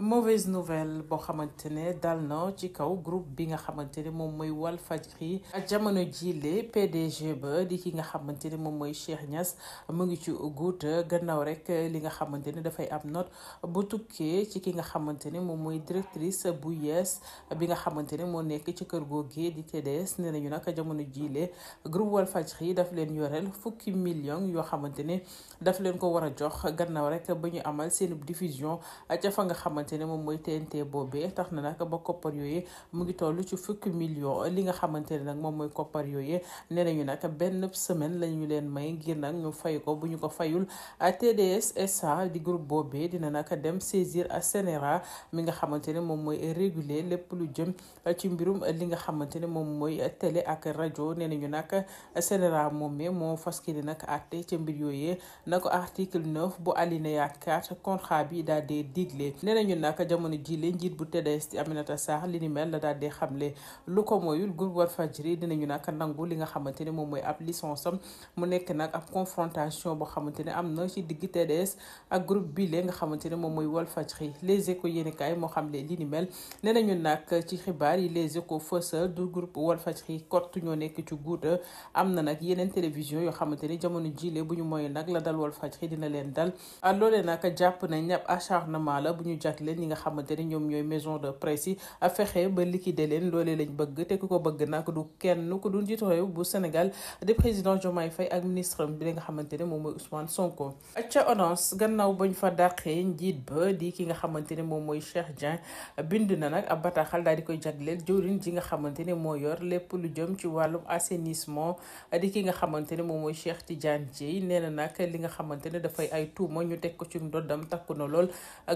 mauvaise nouvelle boo xamante ne dal na ci kaw group bi nga xamante ne moom mooy faj Walfadjri jamono jile PDG ba di ki nga xamante ne moom mooy Cheikh Niass mu ngi ci guut gannaaw rek li nga xamante ne dafay am note bu tukkee ci ki nga xamante ne moom mooy directrice bu yees bi nga xamante ne moo nekk ci kër googee di TDS nee nañu nag jamono jile groupe Walfadjri daf leen yoreel fukki million yoo xamante ne daf leen ko war a jox gannaaw rek ba ñu amal seen diffusion ca fa nga xamante ne moom mooy TNT boobee tax na nag ba koppar yooyu mu ngi toll ci fukk million li nga xamante ne nag moom mooy koppar yooyu nee nañu nag benn semaine la ñu leen may ngir nag ñu fay ko bu ñu ko fayul TDS SA di groupe boobee dina nag dem saisir CNRA mi nga xamante ne moom mooy réguler lépp lu jëm ci mbirum li nga xamante ne moom mooy télé ak rajo nee nañu nag CNRA moom mi moo fas kii nag àtte ca mbir yooyee na ko article 9 bu alinéa contrat bi daal di digle nañu nag jamono jile njiit bu TDS di Aminata Sarr li ni mel la daal di xamle lu ko mooyul groupe Walfadjri dinañu nag nangu li nga xamante ne moom mooy ab licence am mu nekk ne am na ci digg TDS ak groupe bile nga xamante ne moom mooy Walfadjri Les Échos yéenekaay moo xamle li ni mel nee nañu nag ci xibaar yi Les Échos fësal du groupe Walfadjri kott ñoo nekk ci guuta am na nag yeneen télévision yoo xamante ne jamono jile bu ñu mooy nag la dal Walfadjri dina leen dal loolee nag jàpp nañ ab acharnement la bu ñu ñu jagleel ñi nga xamante ni ñoom ñooy maison de presse yi fexe ba liquider leen loolee lañ bëgg te ku ko bëgg nag du kenn ku du njiitu réew bu Sénégal di président Diomaye Faye ak ministre bi li nga xamante ne moom mooy Ousmane Sonko. ca ONAS gannaaw bañ fa dàqee njiit ba di ki nga xamante ne moom mooy Cheikh Dieng bind na nag a bataaxal daal di koy jagleel jëwriñ ji nga xamante ne moo yor lépp lu jëm ci wàllum assainissement di ki nga xamante ne moom mooy Cheikh Tidiane Dièye nee na nag li nga xamante ne dafay ay tuuma ñu teg ko ci ndoddam takku na lool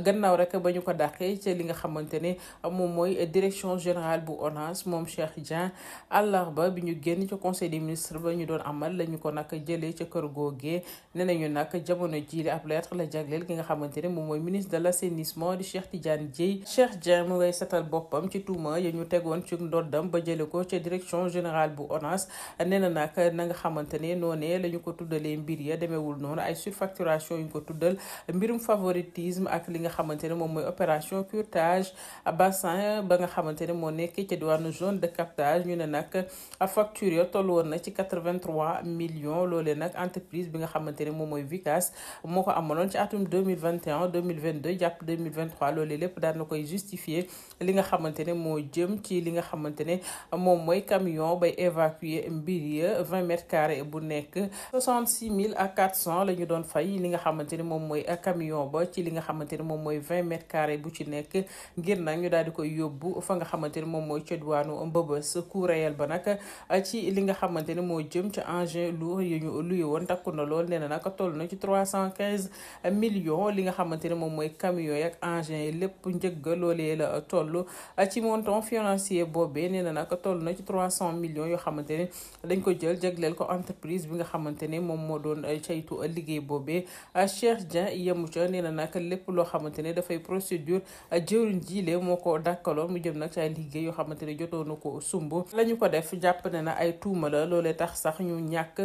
gannaaw rek nag ba ñu ko dàqee ci li nga xamante ne moom mooy direction générale bu ONAS moom Cheikh Dieng àllarba bi ñu génn ci conseil des ministres ba ñu doon amal la ñu ko nag jëlee ca kër googee nee nañu nag jamono jii ab lettre la jagleel ki nga xamante ne moom mooy ministre de la assainissement di Cheikh Tidiane Dièye Cheikh Dieng mu ngay setal boppam ci tuuma ya ñu tegoon ci ndoddam ba jële ko ca direction général bu ONAS nee na nag na xamante ne noonee la ñu ko tuddalee mbir ya demeewul noonu ay surfacturation yu ko tuddal moom mooy opération curtage bassin ba nga xamante ne moo nekk ci diwaanu zone de captage ñu ne nag facture ya toll woon na ci 83 millions loolee nag entreprise bi nga xamante ne moom mooy moo ko amaloon ci li nga xamante ne moo jëm ci li mooy camion bay évacuer mbir ya 20 mètres bu nekk 66 400 la ñu doon fay li nga xamante ne moom mooy camion ba ci li nga xamante moom mooy mètre carré bu ci nekk ngir nag ñu daal di koy yóbbu fa nga xamante moom ca diwaanu Mbëbës coût réel ba nag ci moo na lool nee na nag na ci trois cent quinze millions li nga xamante ne moom mooy camion yi ak engin yi lépp njëgga loolee la toll ci montant financier boobee nee na nag na ci trois cent millions yoo xamante ne dañ ko jël jagleel ko entreprise bi nga xamante ne moom moo doon caytu liggéey boobee Cheikh Dieng yemu ca nee na nag lépp loo xamante dafay procédure jëwriñ jiile moo ko dàkkaloon mu jëm nag ci ay liggéey yoo xamante ne jotoon na ko sumb la ñu ko def jàpp na ay tuuma la tax sax ñu ñàkk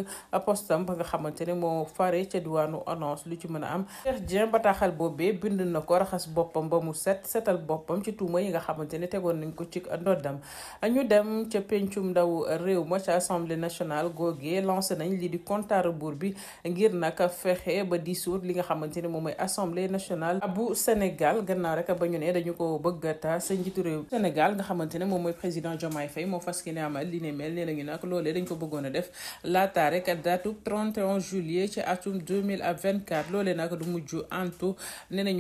postam ba nga xamante ne moo fare ca diwaanu annonce lu ci mën a am Cheikh Dieng bataaxal boobee bind na ko raxas boppam ba mu set setal boppam ci tuuma yi nga xamante ne tegoon nañ ko ci ndoddam ñu dem ca pencum ndaw réew ma ca assemblée nationale googee lancé nañ lii di compte à rebours bi ngir nag fexe ba dissoudre li nga xamante ne moom mooy assemblée nationale bu Sénégal Sénégal gannaaw rek ba ñu ne dañu ko bëgg a tas njiitu réew Sénégal nga xamante ne moom mooy président Diomaye Faye moo ne mel nee nañu nag loolee dañ ko bëggoon a def laata rek datu 31 du mujj antu nee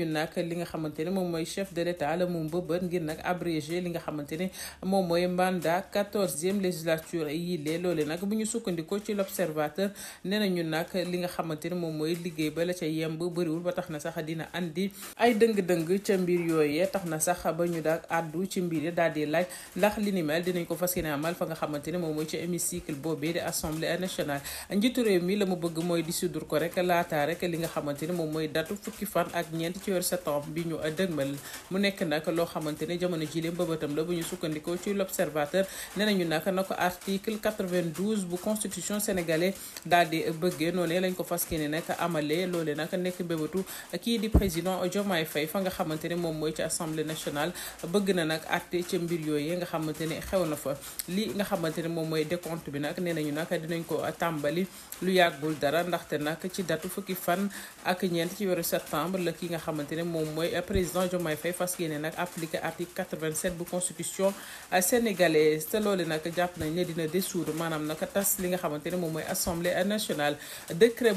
mooy chef de l'état la mu mbëbët ngir nag abrégé li nga xamante ne moom mooy mandat quatorzième législature yi lee loolee nag bu ñu nag li nga xamante ne moom mooy liggéey ba la ca yemb bëriwul ba tax na sax dina andi ay dëng-dëng lëng ca mbir yooyee tax na sax ba ñu daal àddu ci mbir yi daal di laaj ndax li ni mel dinañ ko fas yéene amal fa nga xamante ne moom mooy ci hémicycle boobee di assemblée nationale njiitu réew mi la mu bëgg mooy dissoudre ko rek laata rek li nga xamante moom mooy datu fukki fan ak ñeent ci weeru septembre bi ñu dëgmal mu nekk nag loo xamante jamono jileem bëbatam la bu ñu sukkandikoo ci l'observateur nee nañu nag na ko article bu constitution sénégalais daal di bëggee noonu lañ ko fas yéene nag amalee loole nag nekk mbébatu kii di président Diomaye Faye nga xamante ne moom mooy ci assemblée nationale bëgg na nag àtte ca mbir yooyu nga xamante ne xew na moom mooy décompte bi nag nee nañu nag dinañ ko tàmbali lu yàggul dara ndaxte nag ci datu fukki fan ak ñeent ci weeru septembre la ki nga xamante ne moom mooy président Diomaye Faye fas yéene nag appliqué article 87 bu constitution sénégalaise te loole nag jàpp nañ ne dina dissoudre maanaam nag tas li nga xamante ne moom mooy assemblée nationale décret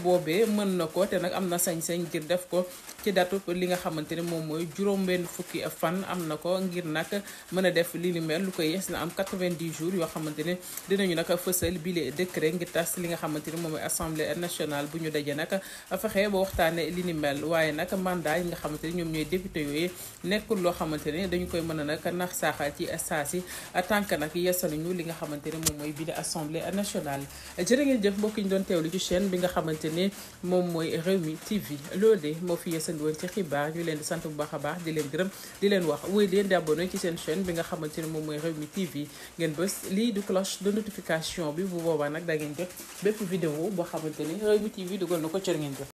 na ko te nag am na sañ-sañ ngir def ko ci datu li moom mooy juróom-benn fukki fan am na ko ngir nag mën a def li lu koy yees na am 90 jours yoo xamante ne dinañu nag fësal bile décret ngir tas li nga xamante ne moom mooy assemblée nationale bu ñu daje nag fexe ba waxtaane li ni mel waaye nag mandat yi nga xamante ne ñoom ñooy député yooyu nekkul loo xamante ne dañu koy mën a nag nax saaxal ci saasi tànk nag yeesaluñu li nga xamante ne moom mooy bile assemblée nationale jërë ngeen jëf mbokk ñu doon teewlu ci chaîne bi nga xamante moom mooy Rewmi TV loolee moo fi yeesandi ci xibaar ñu leen di sant bu baax a baax di leen gërëm di leen wax wuy leen di abonné ci seen chaîne bi nga xamante ne moom mooy Rewmi TV ngeen bës lii du cloche de notification bi bu boobaa nag da ngeen jot bépp vidéo boo xamante ni Rewmi TV dugal na ko cër ngeen jot